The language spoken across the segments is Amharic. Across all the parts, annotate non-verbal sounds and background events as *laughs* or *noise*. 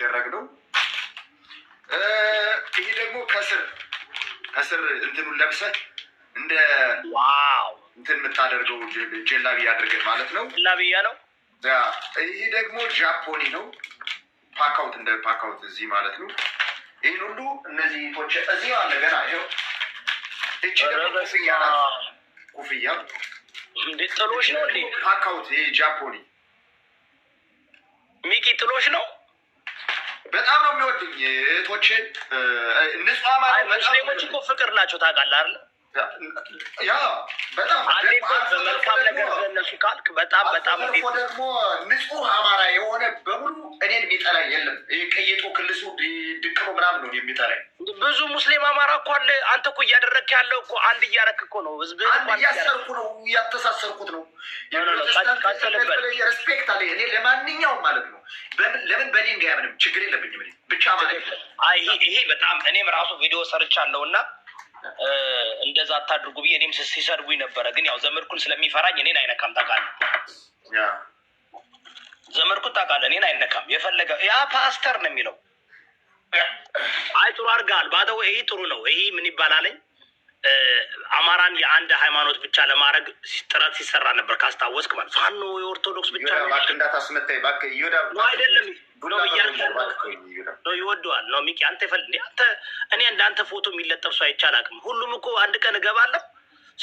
የሚደረግ ነው። ይሄ ደግሞ ከስር ከስር እንትኑን ለብሰህ እንደ ዋው እንትን የምታደርገው ጀላቢያ አድርገህ ማለት ነው። ጀላቢያ ነው። ይህ ደግሞ ጃፖኒ ነው። ፓካውት እንደ ፓካውት እዚህ ማለት ነው። ይህን ሁሉ እነዚህ ቶች እዚህ አለ ገና ይኸው። እቺ ኩፍያ ናት። ኩፍያ ጥሎሽ ነው። ፓካውት ይሄ ጃፖኒ ሚኪ ጥሎሽ ነው። በጣም ነው የሚወድኝ እህቶቼ። ንጹ ሙስሊሞች እኮ ፍቅር ናቸው ታውቃለህ አለ ያ በጣም በመልካም ነገር ለነሱ ካልክ በጣም በጣም ደግሞ ንጹህ አማራ የሆነ በሙሉ እኔን የሚጠላ የለም። ቅይጡ ክልሱ ምናምን ነው የሚጠላኝ። ብዙ ሙስሊም አማራ እኮ አለ። አንተ እኮ እያደረግክ ያለው እኮ አንድ እያረክ እኮ ነው፣ ህዝብ እያሰርኩ ነው፣ እያተሳሰርኩት ነው። ሬስፔክት አለ እኔ ለማንኛውም ማለት ነው። ለምን በእኔ እንዳያምንም ችግር የለብኝም ብቻ ማለት ነው። ይሄ በጣም እኔም ራሱ ቪዲዮ ሰርቻለሁ እና እንደዛ አታድርጉ ብዬ እኔም ሲሰድቡኝ ነበረ። ግን ያው ዘመድኩን ስለሚፈራኝ እኔን አይነካም። ታውቃለህ ዘመድኩን ታውቃለህ፣ እኔን አይነካም። የፈለገ ያ ፓስተር ነው የሚለው አይ ጥሩ አድርገሃል። ባደው ይሄ ጥሩ ነው። ይሄ ምን ይባላል? አማራን የአንድ ሃይማኖት ብቻ ለማድረግ ጥረት ሲሰራ ነበር ካስታወስክ ማለት ፋኖ የኦርቶዶክስ ብቻ አይደለም ነው ይወደዋል ነው ሚኪ አንተ ይፈል አንተ እኔ እንዳንተ ፎቶ የሚለጠፍ ሰው አይቻል አቅም ሁሉም እኮ አንድ ቀን እገባለሁ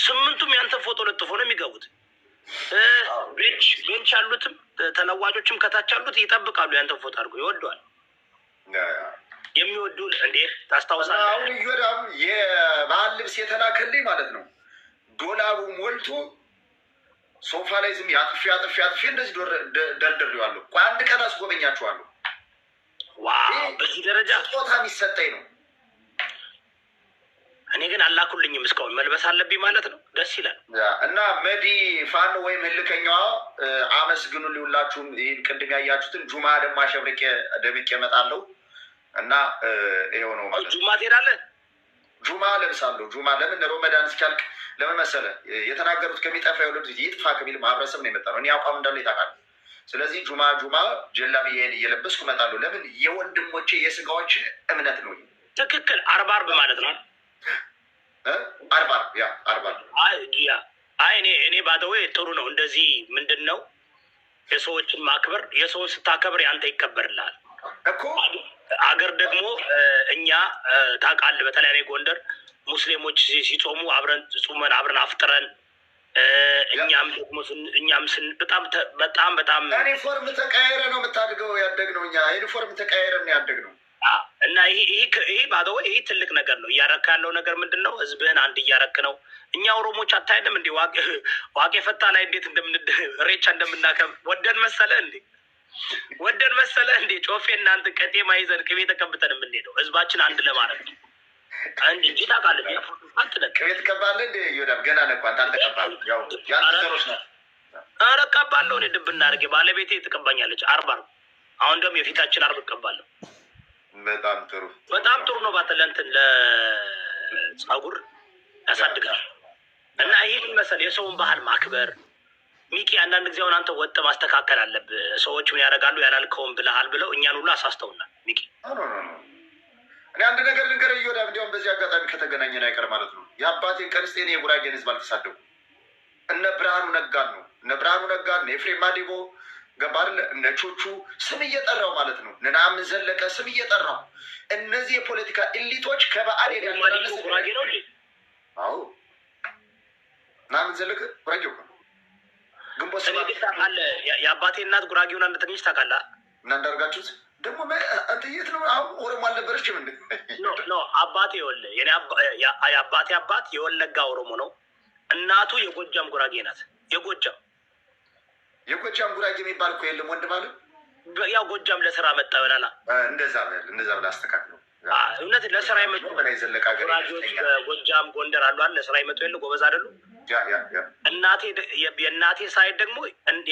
ስምንቱም ያንተ ፎቶ ለጥፎ ነው የሚገቡት ቤንች ቤንች አሉትም ተለዋጮችም ከታች አሉት ይጠብቃሉ ያንተ ፎቶ አድርጎ ይወደዋል የሚወዱ እንዴ ታስታውሳለህ? አሁን ይወዳም የባህል ልብስ የተላከልኝ ማለት ነው። ዶላቡ ሞልቶ ሶፋ ላይ ዝም አጥፌ አጥፌ አጥፌ እንደዚህ ደርድሬዋለሁ። ቆይ አንድ ቀን አስጎበኛችኋለሁ። በዚህ ደረጃ ስጦታ የሚሰጠኝ ነው። እኔ ግን አላኩልኝም። እስካሁን መልበስ አለብኝ ማለት ነው። ደስ ይላል። እና መዲ ፋን ወይም ህልከኛዋ አመስግኑ ሊውላችሁም ይህን ቅድም ያያችሁትን ጁማ ደግሞ ደብቄ እመጣለሁ። እና ይሄው ነው ማለት ጁማ ትሄዳለህ? ጁማ ለብሳለሁ። ጁማ ለምን ሮመዳን እስኪያልቅ ለምን መሰለህ የተናገሩት ከሚጠፋ የወለዱት ይጥፋ ከሚል ማህበረሰብ ነው የመጣ ነው። እኔ አቋም እንዳለ ይታውቃል። ስለዚህ ጁማ ጁማ ጀላቢያን እየለበስኩ እመጣለሁ። ለምን የወንድሞቼ የስጋዎች እምነት ነው። ትክክል። አርባ አርብ ማለት ነው። አርባ ያ አርባ ያ አይ እኔ እኔ ጥሩ ነው። እንደዚህ ምንድን ነው የሰዎችን ማክበር፣ የሰውን ስታከብር ያንተ ይከበርልሃል። እኮ አገር ደግሞ እኛ ታውቃለህ፣ በተለይ ጎንደር ሙስሊሞች ሲጾሙ አብረን ጹመን አብረን አፍጥረን እኛም ደግሞ እኛም ስን በጣም በጣም በጣም ዩኒፎርም ተቀያየረ ነው የምታድገው ያደግ ነው እኛ ዩኒፎርም ተቀያየረ ነው ያደግ ነው። እና ይሄ ባገወ ይሄ ትልቅ ነገር ነው። እያረክ ያለው ነገር ምንድን ነው? ህዝብህን አንድ እያረክ ነው። እኛ ኦሮሞዎች አታይንም እንዴ? ዋቄ ፈታ ላይ እንዴት እንደምን ሬቻ እንደምናከብ ወደን መሰለ እንዴ? ወደን መሰለ እንዴ ጮፌ እናንተ ቀጤማ ይዘን ቅቤ ተቀብተን የምንሄደው ህዝባችን አንድ ለማድረግ ነው። አንድ እንጂ ታውቃለህ፣ ቅቤ ትቀባለህ እንዴ? ይሆናል ገና ነው እንኳን ታልተቀባል። ኧረ እቀባለሁ እኔ ድብ እናድርጌ ባለቤቴ ትቀባኛለች። አርባ ነው አሁን ደግሞ የፊታችን አርብ እቀባለሁ። በጣም ጥሩ በጣም ጥሩ ነው። ባተ ለእንትን ለጸጉር ያሳድጋል። እና ይህን መሰል የሰውን ባህል ማክበር ሚኪ አንዳንድ ጊዜ አሁን አንተ ወጥ ማስተካከል አለብ ሰዎች ምን ያደርጋሉ ያላልከውን ብለሃል ብለው እኛን ሁሉ አሳስተውናል። ሚኪ እኔ አንድ ነገር ልንገር እየወዳ እንዲያውም በዚህ አጋጣሚ ከተገናኘን አይቀር ማለት ነው የአባቴን ቀንስጤን የጉራጌን ህዝብ አልተሳደቡ እነ ብርሃኑ ነጋን ነው እነ ብርሃኑ ነጋን እነ ኤፍሬም ማዲቦ ገባር እነ ቹቹ ስም እየጠራው ማለት ነው ነናምን ዘለቀ ስም እየጠራው እነዚህ የፖለቲካ ኢሊቶች ከበአል ሄዳ ጉራጌ ነው ናምን ዘለቀ ጉራጌ ነው ግንቦት አለ የአባቴ እናት ጉራጌውን አንድ ተገኝች ታውቃለህ። እናንዳርጋችሁት ደግሞ የት ነው አሁን ኦሮሞ አልነበረች እንዴ? ኖ አባቴ ወለ የአባቴ አባት የወለጋ ኦሮሞ ነው። እናቱ የጎጃም ጉራጌ ናት። የጎጃም የጎጃም ጉራጌ የሚባል እኮ የለም ወንድም አለ። ያው ጎጃም ለስራ መጣ ይሆናል። እንደዛ እንደዛ ብላ አስተካክለው እውነት ለስራ የመጡ ጎጃም፣ ጎንደር አሉ አይደል? ለስራ ይመጡ የለ ጎበዝ አይደሉ? እናቴ የእናቴ ሳይድ ደግሞ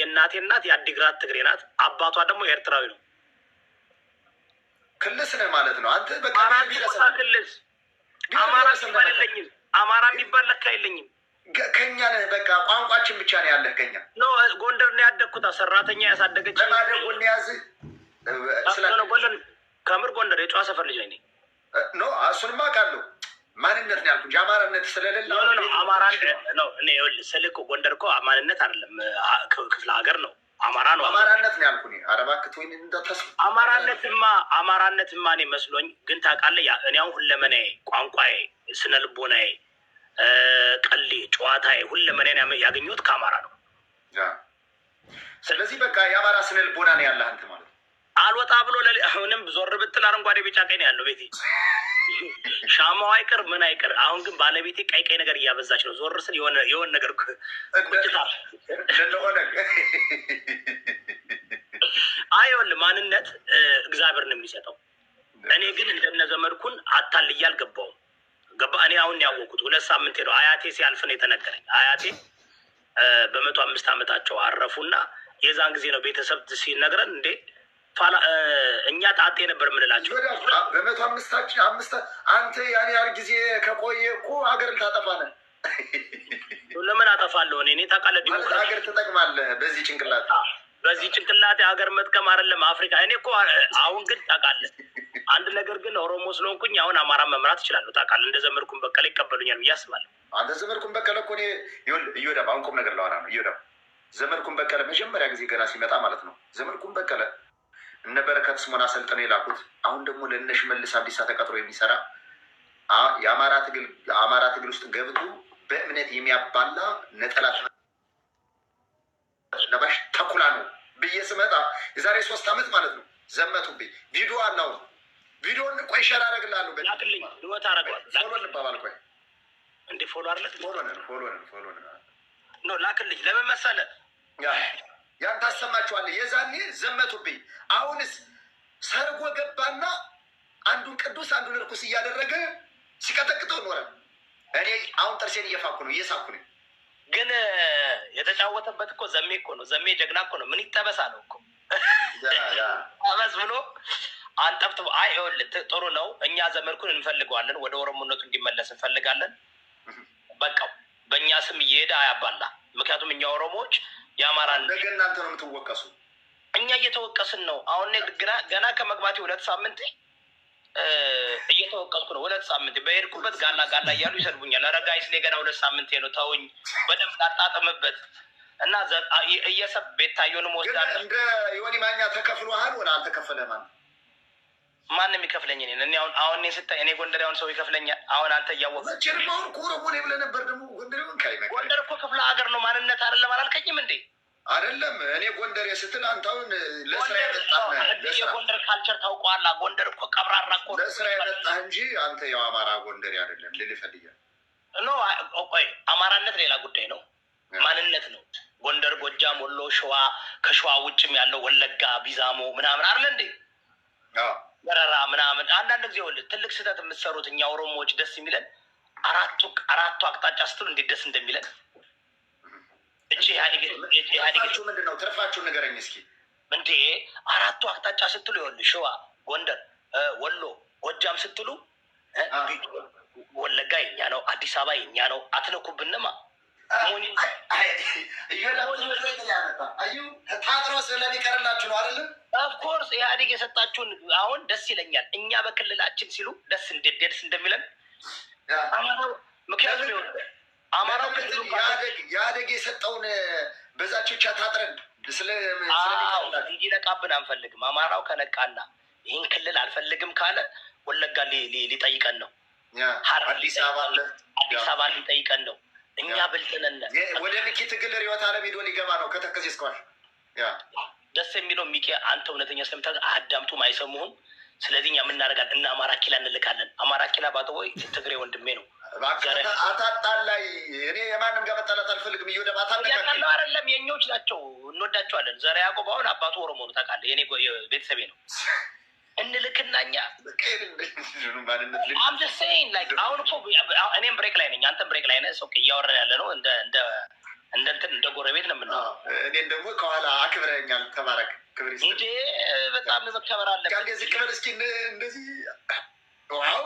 የእናቴ እናት የአዲግራት ትግሬ ናት። አባቷ ደግሞ ኤርትራዊ ነው። ክልስ ነህ ማለት ነው አንተ። በቃ ክልስ አማራ የሚባል የለኝም። አማራ የሚባል ለካ የለኝም። ከኛ ነህ በቃ ቋንቋችን ብቻ ነው ያለህ። ከኛ ነው ጎንደር ነው ያደግኩት። ሰራተኛ ያሳደገች ለማደጎን ያዝ ከምር ጎንደር የጨዋ ሰፈር ልጅ ነኝ። ኖ እሱንማ ቃለሁ ማንነት ነው ያልኩ አማራነት ስለሌለ አማራ ነው እ ስልክ ጎንደር እኮ ማንነት አይደለም፣ ክፍለ ሀገር ነው። አማራ ነው አማራነት ነው ያልኩ። አረባክት አረባክትወይን እንደተስ አማራነትማ አማራነትማ እኔ መስሎኝ፣ ግን ታውቃለህ፣ እኔ አሁን ሁለመናዬ፣ ቋንቋዬ፣ ስነ ልቦናዬ፣ ቀሌ፣ ጨዋታዬ፣ ሁለመናዬን ያገኘሁት ከአማራ ነው። ስለዚህ በቃ የአማራ ስነ ልቦና ነው ያለህ አንተ አልወጣ ብሎ አሁንም ዞር ብትል አረንጓዴ ቢጫ ቀይ ነው ያለው ቤቴ። ሻማው አይቀር ምን አይቀር። አሁን ግን ባለቤቴ ቀይ ቀይ ነገር እያበዛች ነው። ዞር ስል የሆነ የሆነ ነገር ቁጭታል። አይወል ማንነት እግዚአብሔር ነው የሚሰጠው። እኔ ግን እንደነ ዘመድኩን አታልዬ አልገባውም። ገባ እኔ አሁን ያወቁት ሁለት ሳምንት ሄደው አያቴ ሲያልፍ ነው የተነገረኝ። አያቴ በመቶ አምስት ዓመታቸው አረፉና የዛን ጊዜ ነው ቤተሰብ ሲነግረን እንዴ እኛ ጣጤ ነበር የምንላቸው በመቶ አምስታችን አምስት አንተ ያን ያህል ጊዜ ከቆየ እኮ ሀገርን ታጠፋለህ። ለምን አጠፋለሁ እኔ ታውቃለህ፣ ዲሞክራሲ ሀገር ትጠቅማለህ። በዚህ ጭንቅላት በዚህ ጭንቅላት የሀገር መጥቀም አይደለም አፍሪካ። እኔ እኮ አሁን ግን ታውቃለህ አንድ ነገር ግን ኦሮሞ ስለሆንኩኝ አሁን አማራ መምራት ይችላሉ። ታውቃለህ እንደ ዘመድኩን በቀለ ይቀበሉኛል ብዬ አስባለሁ። አንተ ዘመድኩን በቀለ እኮ እዮዳብ፣ አሁን ቁም ነገር ላወራ ነው። እዮዳብ ዘመድኩን በቀለ መጀመሪያ ጊዜ ገና ሲመጣ ማለት ነው ዘመድኩን በቀለ እነ በረከት ስምኦን አሰልጥነው የላኩት። አሁን ደግሞ ለእነ ሽመልስ አብዲሳ ተቀጥሮ የሚሰራ የአማራ ትግል አማራ ትግል ውስጥ ገብቶ በእምነት የሚያባላ ነጠላ ለባሽ ተኩላ ነው ብዬ ስመጣ የዛሬ ሶስት ዓመት ማለት ነው ዘመቱብኝ። ቪዲዮ አናው ቪዲዮን ቆይ ሸር አደርግልሃለሁ። ላክልኝ ልወጣ አደርገዋል። ፎሎ ቆይ እንዴ ፎሎ አለት ፎሎ ፎሎ ፎሎ ኖ ላክልኝ ለምን መሰለህ ያን ታሰማችኋለህ። የዛኔ ዘመቱብኝ። አሁንስ ሰርጎ ገባና አንዱን ቅዱስ አንዱን እርኩስ እያደረገ ሲቀጠቅጠው ኖረ። እኔ አሁን ጥርሴን እየፋኩ ነው፣ እየሳኩ ነው። ግን የተጫወተበት እኮ ዘሜ እኮ ነው። ዘሜ ጀግና እኮ ነው። ምን ይጠበሳ ነው እኮ ጠበስ ብሎ አንጠብት። አይ ይኸውልህ ጥሩ ነው። እኛ ዘመድኩን እንፈልገዋለን። ወደ ኦሮሞነቱ እንዲመለስ እንፈልጋለን። በቃ በእኛ ስም እየሄደ አያባላ። ምክንያቱም እኛ ኦሮሞዎች የአማራ ነገ እናንተ ነው የምትወቀሱ። እኛ እየተወቀስን ነው። አሁን ገና ከመግባቴ ሁለት ሳምንት እየተወቀስኩ ነው። ሁለት ሳምንት በሄድኩበት ጋላ ጋላ እያሉ ይሰድቡኛል። ረጋይስ እኔ ገና ሁለት ሳምንት ነው፣ ተውኝ በደንብ ላጣጥምበት እና እየሰብ ቤታየንም ወስዳ እንደ ዮኒ ማኛ ተከፍሎሃል አልተከፈለ አልተከፈለህም? ማንም ይከፍለኝ እኔን እኔ አሁን አሁን እኔ ስታይ እኔ ጎንደር አሁን ሰው ይከፍለኛል። አሁን አንተ እያወቅህ ጀርማውን ኮረቦ ነው ብለህ ነበር። ደግሞ ጎንደር እኮ ክፍለ ሀገር ነው ማንነት አይደለም። አላልከኝም እንዴ? አይደለም እኔ ጎንደር ስትል አንተ አሁን ለስራ የጎንደር ካልቸር ታውቀዋላ። ጎንደር እኮ ቀብራራ እኮ ለስራ የመጣህ እንጂ አንተ ያው አማራ ጎንደር አይደለም ልልህ ፈልጌ ኖ። ቆይ አማራነት ሌላ ጉዳይ ነው፣ ማንነት ነው። ጎንደር፣ ጎጃም፣ ወሎ፣ ሸዋ ከሸዋ ውጭም ያለው ወለጋ፣ ቢዛሞ ምናምን አይደለ እንዴ? በረራ ምናምን አንዳንድ ጊዜ ወል ትልቅ ስህተት የምትሰሩት እኛ ኦሮሞዎች ደስ የሚለን አራቱ አራቱ አቅጣጫ ስትሉ እንዴት ደስ እንደሚለን እቺ ኢህአዴግቹ ምንድን ነው ትርፋችሁ ንገረኝ እስኪ። እንዴ አራቱ አቅጣጫ ስትሉ ይሆን ሸዋ፣ ጎንደር፣ ወሎ፣ ጎጃም ስትሉ ወለጋ የኛ ነው፣ አዲስ አበባ የኛ ነው አትነኩብንማ። ታጥሮ ስለሚቀርላችሁ ነው አይደለም ኦፍኮርስ ኢህአዴግ የሰጣችሁን አሁን ደስ ይለኛል። እኛ በክልላችን ሲሉ ደስ እንደደስ እንደሚለን ምክንያቱም አማራው ክልሉ ኢህአዴግ የሰጠውን በዛቾቻ ታጥረን እንዲነቃብን አንፈልግም። አማራው ከነቃና ይህን ክልል አልፈልግም ካለ ወለጋ ሊጠይቀን ነው፣ አዲስ አበባ ሊጠይቀን ነው። እኛ ብልጥነነ ወደ ሚኪ ትግል ሪወት አለም ሄዶ ሊገባ ነው ከተከዜ እስከዋል ደስ የሚለው ሚኪ አንተ እውነተኛ ስለምታ አዳምቱ ማይሰሙሁን ስለዚህ እኛ የምናደርጋል እና አማራ ኪላ እንልካለን። አማራ ኪላ ባጠቦይ ትግሬ ወንድሜ ነው። አታጣል ላይ እኔ የማንም ጋር መጣላት አልፈልግም። እየ ደባ ታለቃለው አይደለም የእኛዎች ናቸው፣ እንወዳቸዋለን። ዘረ ያቆብ አሁን አባቱ ኦሮሞ ነው ታውቃለህ፣ የኔ ቤተሰቤ ነው። እንልክና እኛ አምደሰይን ላይ አሁን እኔም ብሬክ ላይ ነኝ፣ አንተም ብሬክ ላይ ነህ። እያወራን ያለ ነው እንደ እንደ እንትን እንደ ጎረቤት ነው የምናወራው። እኔን ደግሞ ከኋላ አክብረኛል። ተባረክ። ክብር እንጂ በጣም መከበር አለበት። እንደዚህ ክብር እስኪ እንደዚህ ዋው!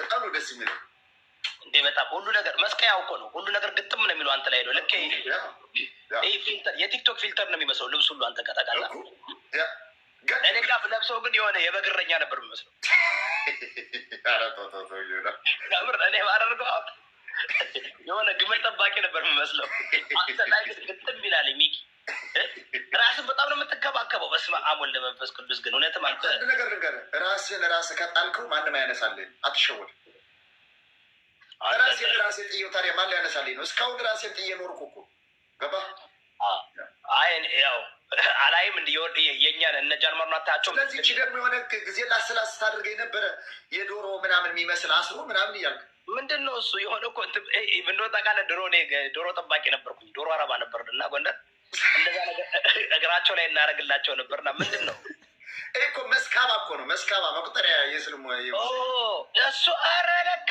በጣም ነው ደስ የሚለው እንዴ በጣም ሁሉ ነገር መስቀያው እኮ ነው። ሁሉ ነገር ግጥም ነው የሚለው አንተ ላይ ነው። ልክ ይህ ፊልተር የቲክቶክ ፊልተር ነው የሚመስለው ልብስ ሁሉ አንተ ጋር ጠቃላ። እኔ ጋር ለብሰው ግን የሆነ የበግረኛ ነበር የሚመስለው። *laughs* እኔ ባደርገው የሆነ ግመል ጠባቂ ነበር የምመስለው። ላይ ግጥም ይላል ሚኪ ራስን በጣም ነው የምትከባከበው። በስመ አብ ወልደ መንፈስ ቅዱስ ግን እውነትም አንተ ነገር ንገር፣ ራስን ራስ ከጣልከው ማንም አያነሳልህ። አትሸወድ። ራሴን ራሴ ጥዬው ታዲያ ማን ሊያነሳልኝ ነው? እስካሁን ራሴን ጥዬ ኖርኩ እኮ ገባ። አይን ያው አላይም እንዲወድ የእኛን እነ ጃልማር ናታቸው። ስለዚህ ደግሞ የሆነ ጊዜ ላስላስ ታድርገ የነበረ የዶሮ ምናምን የሚመስል አስሮ ምናምን እያልክ ምንድን ነው እሱ የሆነ እኮ ብንወጣ ቃለ ድሮ ዶሮ ጠባቂ ነበርኩኝ። ዶሮ አረባ ነበር እና ጎንደር እንደዛ ነገር *laughs* እግራቸው ላይ እናደርግላቸው ነበርና ምንድን ነው *laughs* እኮ መስካባ እኮ ነው መስካባ መቁጠሪያ የስልሞ እሱ አረ ለካ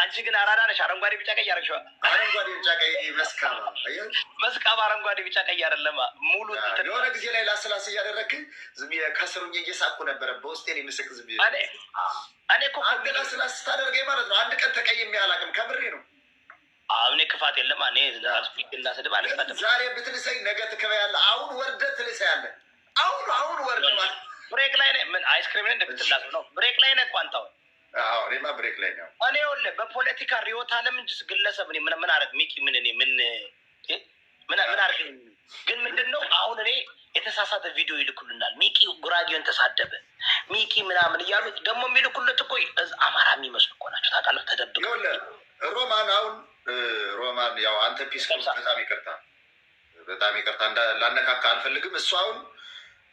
አንቺ ግን አራዳ ነሽ። አረንጓዴ ቢጫ ቀይ አረግሸዋ። አረንጓዴ ቢጫ ቀይ መስካማ መስካማ አረንጓዴ ቢጫ ቀይ አይደለም። ሙሉ የሆነ ጊዜ ላይ ላስላስ እያደረግክ ከስሩ እየሳቁ ነበረ። በውስጤ የምስቅ ዝም እኔ እኮ አንድ ላስላስ ስታደርገኝ ማለት ነው። አንድ ቀን ተቀይ የሚያላቅም ከብሬ ነው። እኔ ክፋት የለም። እኔ እና ስድብ አልሳደብም። ዛሬ ብትልሰኝ ነገ ትከበያለህ። አሁን ወርደህ ትልሰያለህ። አሁን አሁን ወርደህ ብሬክ ላይ ምን አይስክሪም ብትላስ ነው ብሬክ ላይ ነ ቋንጣውን እኔማ ብሬክ ላይ ነው። እኔ ይኸውልህ በፖለቲካ ሪዮት አለም እንጂ ግለሰብ ምን ምን አረግ ሚኪ ምን እኔ ምን ምን ምን አረግ ግን ምንድን ነው አሁን እኔ የተሳሳተ ቪዲዮ ይልኩልናል። ሚኪ ጉራጌን ተሳደበ ሚኪ ምናምን እያሉ ደግሞ የሚልኩለት እኮ አማራ የሚመስሉ እኮ ናቸው። ታውቃለህ፣ ተደብቀው ሮማን አሁን ሮማን ያው አንተ ፒስ በጣም ይቅርታ በጣም ይቅርታ ላነካካ አልፈልግም። እሱ አሁን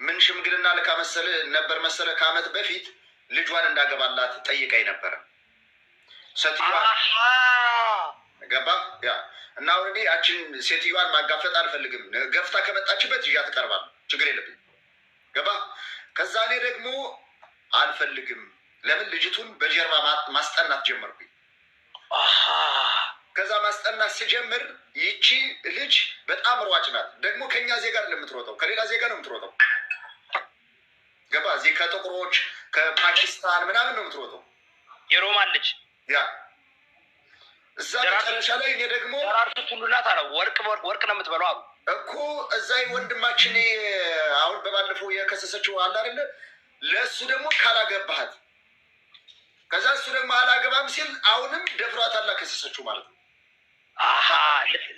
ምን ሽምግልና ልካ መሰለ ነበር መሰለ ከአመት በፊት ልጇን እንዳገባላት ጠይቀኝ ነበረ። ሴትዮዋን ገባ ያ እና አሁን እኔ ያችን ሴትዮዋን ማጋፈጥ አልፈልግም። ገፍታ ከመጣችበት ይዣ ትቀርባል። ችግር የለብኝ ገባ። ከዛ እኔ ደግሞ አልፈልግም። ለምን ልጅቱን በጀርባ ማስጠናት ጀመርኩኝ። ከዛ ማስጠናት ስጀምር ይቺ ልጅ በጣም ሯጭ ናት። ደግሞ ከኛ ዜጋ ለምትሮጠው ከሌላ ዜጋ ነው የምትሮጠው ገባ እዚህ ከጥቁሮች ከፓኪስታን ምናምን ነው የምትሮጠው። የሮማን ልጅ ያ እዛ መጨረሻ ላይ እኔ ደግሞ ራርቱ ቱሉ አለ ወርቅ ወርቅ ነው የምትበለው አሉ እኮ እዛ ወንድማችን አሁን በባለፈው የከሰሰችው አለ አይደለ? ለእሱ ደግሞ ካላገባሃት ከዛ እሱ ደግሞ አላገባም ሲል አሁንም ደፍሯት አላ ከሰሰችው ማለት ነው። አሀ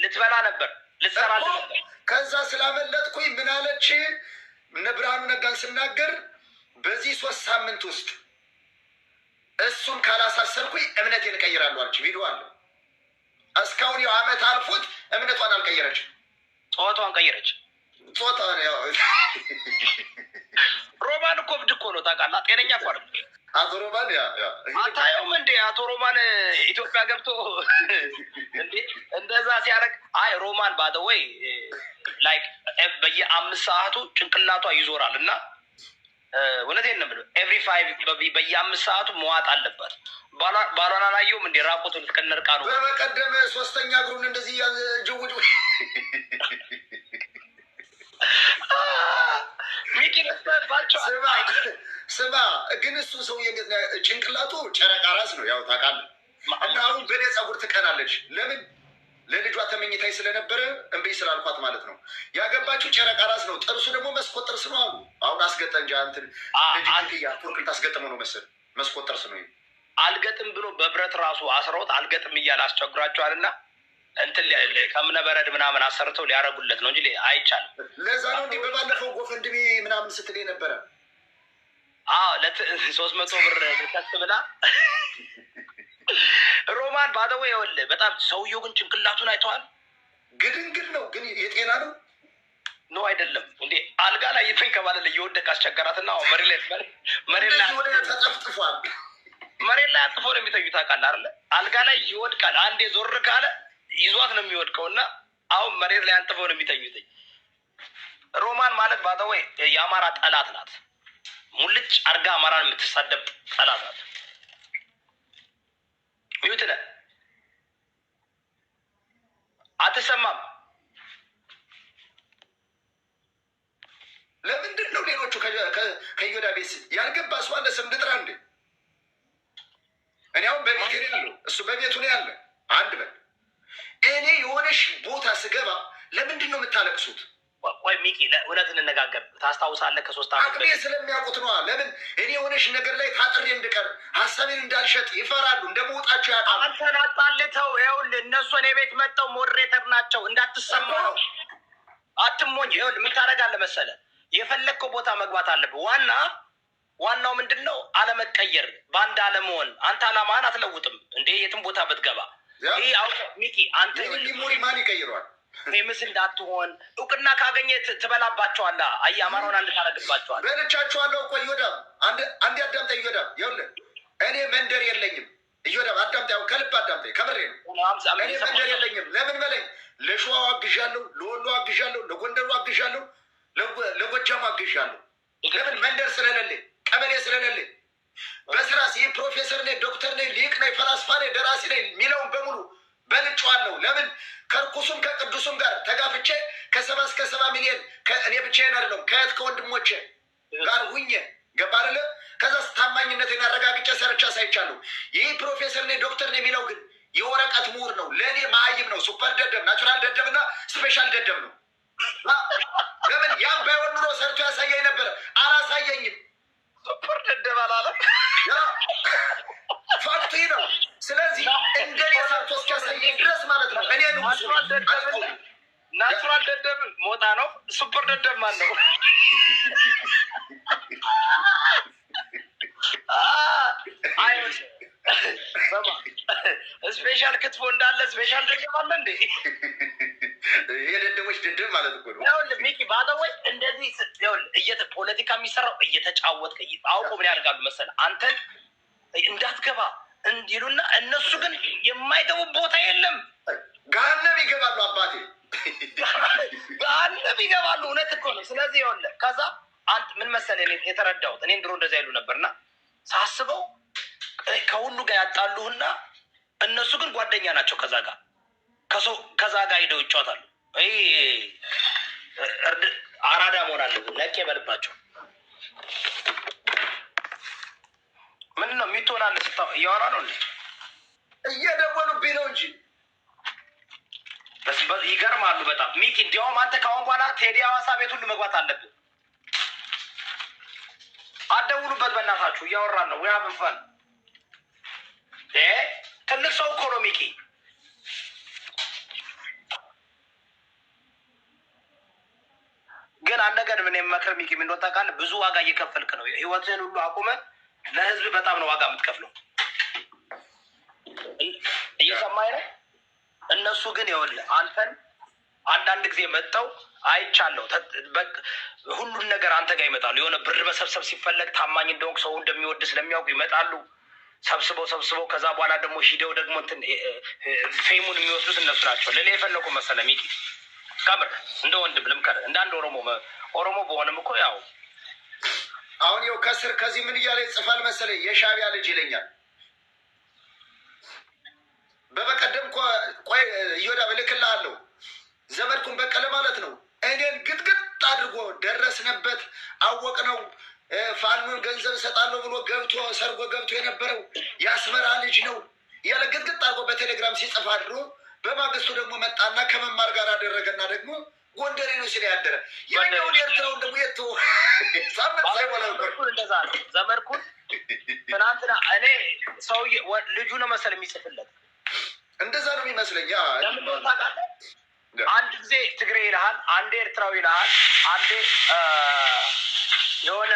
ልትበላ ነበር ልትሰራ ነበር። ከዛ ስላመለጥኩኝ ምን አለች? እነ ብርሃኑ ነጋን ስናገር በዚህ ሶስት ሳምንት ውስጥ እሱን ካላሳሰርኩኝ እምነቴን እቀይራለሁ አለች። ቪዲዮ አለ። እስካሁን ያው አመት አልፎት እምነቷን አልቀየረችም፣ ጾቷን ቀየረች። ጾታ ነው። *laughs* ሮማን እኮ እብድ እኮ ነው ታውቃለህ። ጤነኛ እኮ አይደለም አቶ ሮማን። አታየውም እንዴ አቶ ሮማን ኢትዮጵያ ገብቶ *laughs* እንደዛ ሲያደርግ፣ አይ ሮማን ባደ ወይ ላይክ በየአምስት ሰዓቱ ጭንቅላቷ ይዞራል እና እውነቴን ነው የምልህ ኤቭሪ ፋይቭ በየአምስት ሰዓቱ መዋጥ አለበት። ባሏን አላየውም እንዴ ራቁቱን እስከነርቃ ነው። በቀደም ሶስተኛ እግሩን እንደዚህ ጅውጅ ስማ ግን እሱ ሰው ጭንቅላቱ ጨረቃ ራስ ነው፣ ያው ታውቃለህ። እና አሁን በኔ ጸጉር ትቀናለች። ለምን? ለልጇ ተመኝታይ ስለነበረ እምቢ ስላልኳት ማለት ነው። ያገባችው ጨረቃ ራስ ነው። ጥርሱ ደግሞ መስኮት ጥርስ ነው አሉ። አሁን አስገጠ እንጂ አንትን አንድያ ቱርክ ልታስገጥመው ነው መሰል መስኮት ጥርስ ነው። አልገጥም ብሎ በብረት ራሱ አስረውት አልገጥም እያለ አስቸግሯቸዋልና እንትን ከምነበረድ ምናምን አሰርተው ሊያረጉለት ነው እንጂ አይቻልም። ለዛ ነው እንዲህ በባለፈው ጎፈንድሜ ምናምን ስትል ነበረ። ሶስት መቶ ብር ልከት ብላ ሮማን ባደወ የወለ በጣም ሰውየው ግን ጭንቅላቱን አይተዋል። ግድንግድ ነው ግን የጤና ነው ኖ አይደለም እንዴ አልጋ ላይ የተንከባለለ እየወደቀ አስቸገራትና መሬት ላይ መሬት ላይ አጥፎ ነው የሚተኙት አቃል አለ አልጋ ላይ ይወድቃል። አንዴ ዞር ካለ ይዟት ነው የሚወድቀው እና አሁን መሬት ላይ አንጥፎ ነው የሚተኙትኝ ሮማን ማለት ባተወይ የአማራ ጠላት ናት። ሙልጭ አርጋ አማራን የምትሳደብ ጠላት ናት። ሚዩት ነ አትሰማም። ለምንድን ነው ሌሎቹ ከዮዳ ቤት ያልገባ እሱ አለ ስም ልጥራ እንዴ? እኔ አሁን በቤት ነው ያለው፣ እሱ በቤቱ ነው ያለ። አንድ በል እኔ የሆነሽ ቦታ ስገባ ለምንድን ነው የምታለቅሱት? ቆይ ሚኪ እውነት እንነጋገር። ታስታውሳለህ? ከሶስት አቅሜ ስለሚያውቁት ነዋ። ለምን እኔ የሆነሽ ነገር ላይ ታጥሬ እንድቀር ሀሳቤን እንዳልሸጥ ይፈራሉ። እንደመውጣቸው ያውቃሉ። አንተን አጣልተው ይኸውልህ፣ እነሱ እኔ ቤት መጥተው ሞሬተር ናቸው። እንዳትሰማ ነው። አትሞኝ። ይኸውልህ ምን ታደርጋለህ መሰለህ፣ የፈለግከው ቦታ መግባት አለብህ። ዋና ዋናው ምንድን ነው? አለመቀየር፣ በአንድ አለመሆን። አንተ አላማህን አትለውጥም እንዴ የትም ቦታ ብትገባ። ይህ ሚኪ አንተ ሊሞሪ ማን ይቀይረዋል? ፌምስ እንዳትሆን እውቅና ካገኘ ትበላባቸዋላ። አይ አማራውን አንድ ታደርግባቸዋል። በልቻቸዋለሁ እኮ እዮዳብ፣ አንድ አዳምጣ እዮዳብ። ይኸውልህ እኔ መንደር የለኝም እዮዳብ፣ አዳምጣ፣ ከልብ አዳምጣ፣ ከምሬ ነው። እኔ መንደር የለኝም። ለምን በለኝ፣ ለሸዋው አግዣለሁ፣ ለወሎ አግዣለሁ፣ ለጎንደሩ አግዣለሁ፣ ለጎጃም አግዣለሁ። ለምን መንደር ስለሌለኝ፣ ቀበሌ ስለሌለኝ በስራ ይህ ፕሮፌሰር ነኝ፣ ዶክተር ነኝ፣ ሊቅ ነኝ፣ ፈላስፋ ነኝ፣ ደራሲ ነኝ የሚለውን በሙሉ በልጫዋለሁ። ለምን ከርኩሱም ከቅዱሱም ጋር ተጋፍቼ ከሰባ እስከ ሰባ ሚሊዮን እኔ ብቻዬን አይደለም ከየት ከወንድሞቼ ጋር ሁኜ ገባ አይደለ? ከዛ ታማኝነቴን አረጋግጬ ሰርቻ ሳይቻሉ ይህ ፕሮፌሰር እኔ ዶክተር ነው የሚለው ግን የወረቀት ምሁር ነው። ለእኔ ማአይም ነው። ሱፐር ደደብ፣ ናቹራል ደደብ እና ስፔሻል ደደብ ነው። ለምን ያም ባይሆን ኑሮ ሰርቶ ያሳያኝ ነበረ። አላሳየኝም። ሱፐር ደደብ አላለም። ናቹራል ደደብን ናቹራል ደደብን ሞጣ ነው። ሱፐር ደደብ ማን ነው? ስፔሻል ክትፎ እንዳለ ስፔሻል ደደብ አለ እንዴ? የደደቦች ደደብ ማለት እኮ ነው። ሚኪ ባደወይ እንደዚህ ፖለቲካ የሚሰራው እየተጫወት አውቆ ምን ያደርጋሉ መሰለ አንተን እንዳትገባ እንዲሉና እነሱ ግን የማይተቡ ቦታ የለም። ገሀነም ይገባሉ አባቴ ገሀነም ይገባሉ። እውነት እኮ ነው። ስለዚህ ይኸውልህ ከዛ አንድ ምን መሰለህ የተረዳሁት እኔ ድሮ እንደዚያ ይሉ ነበርና ሳስበው ከሁሉ ጋር ያጣሉህና እነሱ ግን ጓደኛ ናቸው። ከዛ ጋር ከሰው ከዛ ጋር ሂደው ይጫወታሉ። አራዳ መሆን አለ ነቄ የበልባቸው ምንድን ነው የሚትሆናለ ስታ እያወራ ነው እየደወሉብኝ ነው እንጂ ይገርማሉ በጣም ሚኪ። እንዲያውም አንተ ከአሁን በኋላ ቴዲ ሀዋሳ ቤት ሁሉ መግባት አለብን። አደውሉበት በእናታችሁ፣ እያወራን ነው። ያ ብንፈን ትልቅ ሰው እኮ ነው ሚኪ። ግን አንድ ነገር ምን የመክር ሚኪ፣ ምን ወጣቃል። ብዙ ዋጋ እየከፈልክ ነው። ህይወትህን ሁሉ አቁመ ለህዝብ በጣም ነው ዋጋ የምትከፍለው። እየሰማኝ ነው እነሱ ግን ይኸውልህ አንተን አንዳንድ ጊዜ መጠው አይቻለሁ። ሁሉን ነገር አንተ ጋር ይመጣሉ። የሆነ ብር መሰብሰብ ሲፈለግ ታማኝ እንደሆንክ ሰው እንደሚወድ ስለሚያውቁ ይመጣሉ። ሰብስበው ሰብስበው ከዛ በኋላ ደግሞ ሂደው ደግሞ እንትን ፌሙን የሚወስዱት እነሱ ናቸው። ሌላ የፈለኩ መሰለ ሚኪ ከምር እንደ ወንድም ልምከር እንደ ኦሮሞ ኦሮሞ በሆነም እኮ ያው አሁን ይኸው ከስር ከዚህ ምን እያለ ይጽፋል መሰለኝ የሻቢያ ልጅ ይለኛል በበቀደም ቆይ እዮዳብ አለው ዘመድኩን በቀለ ማለት ነው። እኔን ግጥግጥ አድርጎ ደረስንበት፣ አወቅ ነው ፋኖን ገንዘብ እሰጣለሁ ብሎ ገብቶ ሰርጎ ገብቶ የነበረው የአስመራ ልጅ ነው ያለ ግጥግጥ አድርጎ በቴሌግራም ሲጽፍ አድሮ በማግስቱ ደግሞ መጣና ከመማር ጋር አደረገና ደግሞ ጎንደሬ ነው ሲል ያደረ ያኛውን ኤርትራውን ደግሞ የት ሳምንት ሳይሞላ እንደዛ ነው። ዘመድኩን ትናንትና እኔ ሰው ልጁ ነው መሰል የሚጽፍለት እንደዛ ነው የሚመስለኝ። አንድ ጊዜ ትግሬ ይልሃል፣ አንዴ ኤርትራዊ ይልሃል፣ አንዴ የሆነ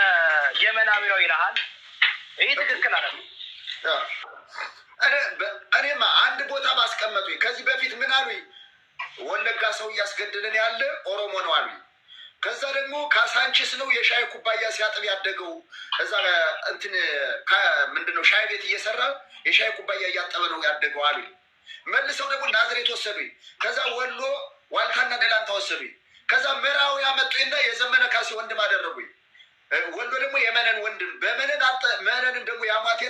የመናዊ ነው ይልሃል። ይህ ትክክል አለ። እኔማ አንድ ቦታ ማስቀመጡ ከዚህ በፊት ምን አሉ? ወለጋ ሰው እያስገድልን ያለ ኦሮሞ ነው አሉ። ከዛ ደግሞ ካሳንቺስ ነው የሻይ ኩባያ ሲያጥብ ያደገው እዛ እንትን ምንድነው ሻይ ቤት እየሰራ የሻይ ኩባያ እያጠበ ነው ያደገው አሉ። መልሰው ደግሞ ናዝሬት ወሰዱኝ። ከዛ ወሎ ዋልካና ደላንታ ወሰዱኝ። ከዛ ምዕራዊ ያመጡኝና የዘመነ ካሴ ወንድም አደረጉኝ። ወሎ ደግሞ የመነን ወንድም በመነን አጠ መነንን ደግሞ ያማት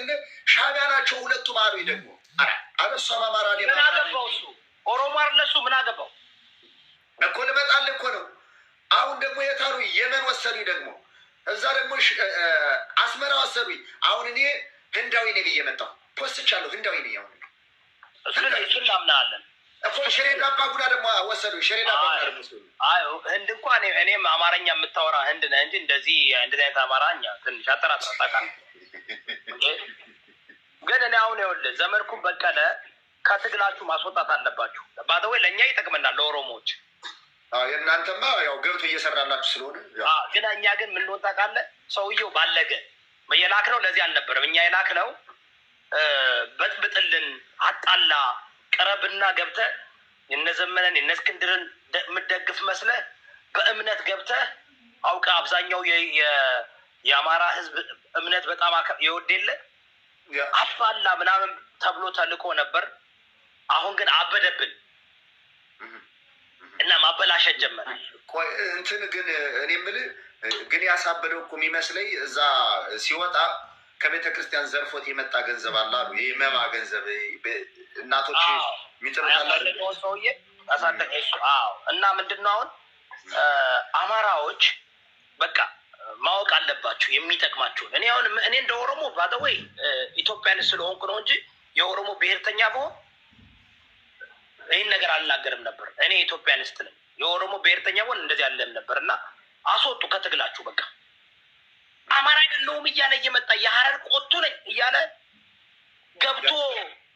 ሻቢያ ናቸው ሁለቱም አሉኝ። ደግሞ አበሷ ማማራ ምን አገባው እሱ ኦሮሞ አርነሱ ምን አገባው እኮ ልመጣል እኮ ነው። አሁን ደግሞ የታሉ የመን ወሰዱኝ። ደግሞ እዛ ደግሞ አስመራ ወሰዱኝ። አሁን እኔ ህንዳዊ ነኝ ብዬ መጣሁ። ቻለሁ ህንዳዊ ነኝ አሁን እሱን እሱን እናምናለን እኮ ሽሬ ዳባ ደግሞ ወሰዱ። ሽሬ ዳባ ህንድ እንኳን እኔም አማርኛ የምታወራ ህንድ ነህ እንጂ እንደዚህ እንደዚህ አይነት አማርኛ ትንሽ አጠራጣቃል። ግን እኔ አሁን ይኸውልህ ዘመድኩን በቀለ ከትግላችሁ ማስወጣት አለባችሁ። ባደወ ለእኛ ይጠቅመናል ለኦሮሞዎች። እናንተማ ያው ገብቶ እየሰራላችሁ ስለሆነ ግን እኛ ግን ምንወጣ ቃለ ሰውየው ባለገ የላክ ነው ለዚህ አልነበረም እኛ የላክ ነው በጥብጥልን፣ አጣላ፣ ቅረብና ገብተ የነዘመነን የነስክንድርን የምደግፍ መስለህ በእምነት ገብተ አውቀ አብዛኛው የአማራ ህዝብ እምነት በጣም የወድ የለ አፋላ ምናምን ተብሎ ተልኮ ነበር። አሁን ግን አበደብን እና ማበላሸት ጀመረ። እንትን ግን እኔ የምልህ ግን ያሳበደው እኮ የሚመስለኝ እዛ ሲወጣ ከቤተ ክርስቲያን ዘርፎት የመጣ ገንዘብ አለ አሉ። የመባ ገንዘብ እናቶች የሚጥሩት እና ምንድን ነው አሁን አማራዎች በቃ ማወቅ አለባችሁ የሚጠቅማችሁን። እኔ አሁን እኔ እንደ ኦሮሞ ባደወይ ኢትዮጵያን ስለሆንኩ ነው እንጂ የኦሮሞ ብሔርተኛ በሆን ይህን ነገር አልናገርም ነበር። እኔ ኢትዮጵያንስት ነኝ። የኦሮሞ ብሔርተኛ በሆን እንደዚህ አለም ነበር እና አስወጡ ከትግላችሁ በቃ አማራ አይደለሁም እያለ እየመጣ የሀረር ቆቱ ነኝ እያለ ገብቶ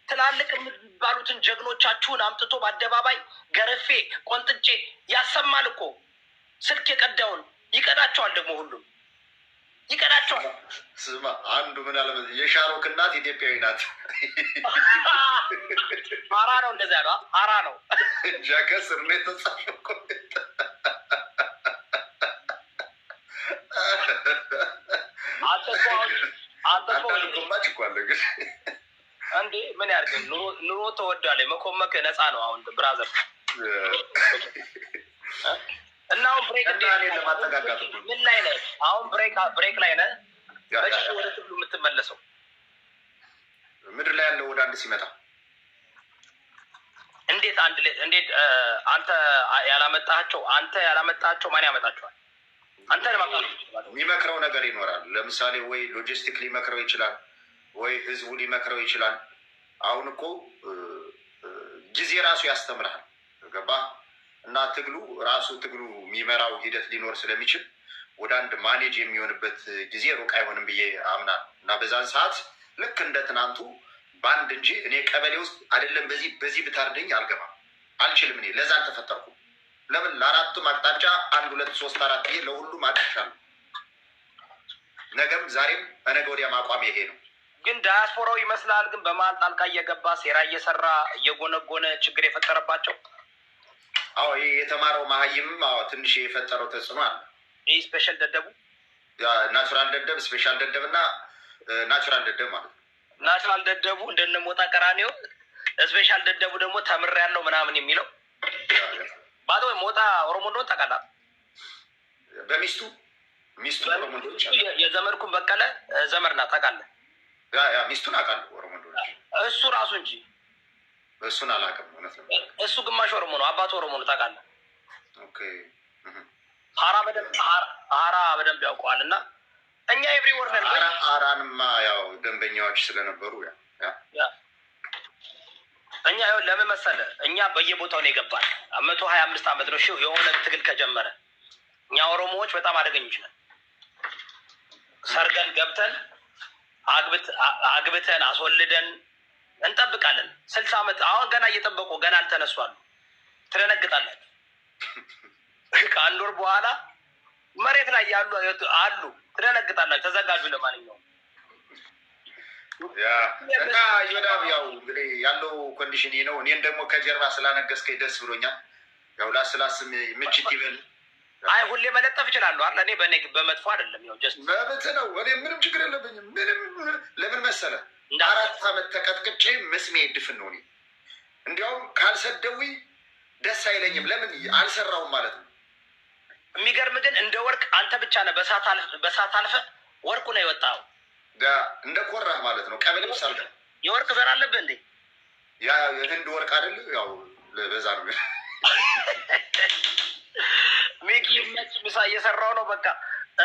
ትላልቅ የሚባሉትን ጀግኖቻችሁን አምጥቶ በአደባባይ ገረፌ ቆንጥጬ ያሰማል እኮ። ስልክ የቀዳውን ይቀዳቸዋል፣ ደግሞ ሁሉም ይቀዳቸዋል። ስማ አንዱ ምን አለ የሻሮክ እናት ኢትዮጵያዊ ናት። አራ ነው እንደዚያ ነው። አራ ነው ጃከስ ነው የተጻፈ እንዴ ምን ያድርግን? ኑሮ ተወዷል። መኮመክ ነፃ ነው። አሁን ብራዘር እና አሁን ብሬክ ምን ላይ ነህ? አሁን ብሬክ ላይ ነህ። መቼ ወደ ትብሉ የምትመለሰው? ምድር ላይ ያለው ወደ አንድ ሲመጣ እንዴት አንድ እንዴት አንተ ያላመጣቸው አንተ ያላመጣቸው ማን ያመጣቸዋል? አንተ የሚመክረው ነገር ይኖራል። ለምሳሌ ወይ ሎጂስቲክ ሊመክረው ይችላል፣ ወይ ህዝቡ ሊመክረው ይችላል። አሁን እኮ ጊዜ ራሱ ያስተምርሃል። ገባ እና ትግሉ ራሱ ትግሉ የሚመራው ሂደት ሊኖር ስለሚችል ወደ አንድ ማኔጅ የሚሆንበት ጊዜ ሩቅ አይሆንም ብዬ አምናል እና በዛን ሰዓት ልክ እንደ ትናንቱ በአንድ እንጂ እኔ ቀበሌ ውስጥ አይደለም በዚህ በዚህ ብታርደኝ አልገባም አልችልም። እኔ ለዛ አልተፈጠርኩም። ለምን ለአራቱም አቅጣጫ አንድ ሁለት ሶስት አራት ይሄ ለሁሉም አቅርሻለሁ። ነገም ዛሬም በነገ ወዲያ ማቋም ይሄ ነው። ግን ዳያስፖራው ይመስላል ግን በመሀል ጣልቃ እየገባ ሴራ እየሰራ እየጎነጎነ ችግር የፈጠረባቸው አዎ፣ ይህ የተማረው መሀይምም አዎ፣ ትንሽ የፈጠረው ተጽዕኖ አለ። ይህ ስፔሻል ደደቡ ናቹራል ደደብ፣ ስፔሻል ደደብ እና ናቹራል ደደብ ማለት ነው። ናቹራል ደደቡ እንደነሞጣ ቀራኒው ስፔሻል ደደቡ ደግሞ ተምር ያለው ምናምን የሚለው ባዶ ሞታ ኦሮሞ እንደሆን ታውቃላት። በሚስቱ ሚስቱ ኦሮሞ የዘመድኩን በቀለ ዘመድ ናት ታውቃለህ። ሚስቱን አውቃለሁ ኦሮሞ እንደሆነች እሱ ራሱ እንጂ እሱን አላውቅም። እውነት ነው። እሱ ግማሽ ኦሮሞ ነው፣ አባቱ ኦሮሞ ነው ታውቃለህ። ሀራ በደንብ ሀራ በደንብ ያውቀዋል። እና እኛ ኤቭሪ ወር ነን። ሀራንማ ያው ደንበኛዎች ስለነበሩ ያ እኛ ይሁን ለምን መሰለ እኛ በየቦታው ነው የገባል። መቶ ሀያ አምስት ዓመት ነው ሺው የሆነ ትግል ከጀመረ እኛ ኦሮሞዎች በጣም አደገኞች ነን። ሰርገን ገብተን አግብተን አስወልደን እንጠብቃለን። ስልሳ ዓመት አሁን ገና እየጠበቁ ገና አልተነሷሉ። ትደነግጣለን። ከአንድ ወር በኋላ መሬት ላይ ያሉ አሉ። ትደነግጣላችሁ። ተዘጋጁ። ለማንኛውም ኮንዲሽን ነው። እኔን ደግሞ ከጀርባ ስላነገስከኝ ደስ ብሎኛል። ያው ላስላስ ምችት ይበል። አይ ሁሌ መለጠፍ ይችላሉ አለ። እኔ በእኔ በመጥፎ አይደለም፣ ያው ጀስት መብት ነው። እኔ ምንም ችግር የለብኝም። ምንም ለምን መሰለ አራት አመት ተቀጥቅጬ መስሜ ድፍን ነው። እኔ እንዲያውም ካልሰደውኝ ደስ አይለኝም። ለምን አልሰራውም ማለት ነው። የሚገርም ግን እንደ ወርቅ አንተ ብቻ ነህ በሳት አልፈ ወርቁ ነው የወጣው። እንደ ኮራህ ማለት ነው። ቀበሌ ውስጥ የወርቅ ዘር አለብህ እንዴ? ያ የህንድ ወርቅ አይደል? ያው በዛ ነው ሚኪ። ይመች ምሳ እየሰራው ነው። በቃ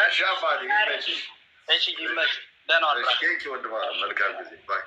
እሺ፣ አባቴ ይመች። እሺ፣ ይመች። ደህና ዋል። ወንድማ፣ መልካም ጊዜ ባይ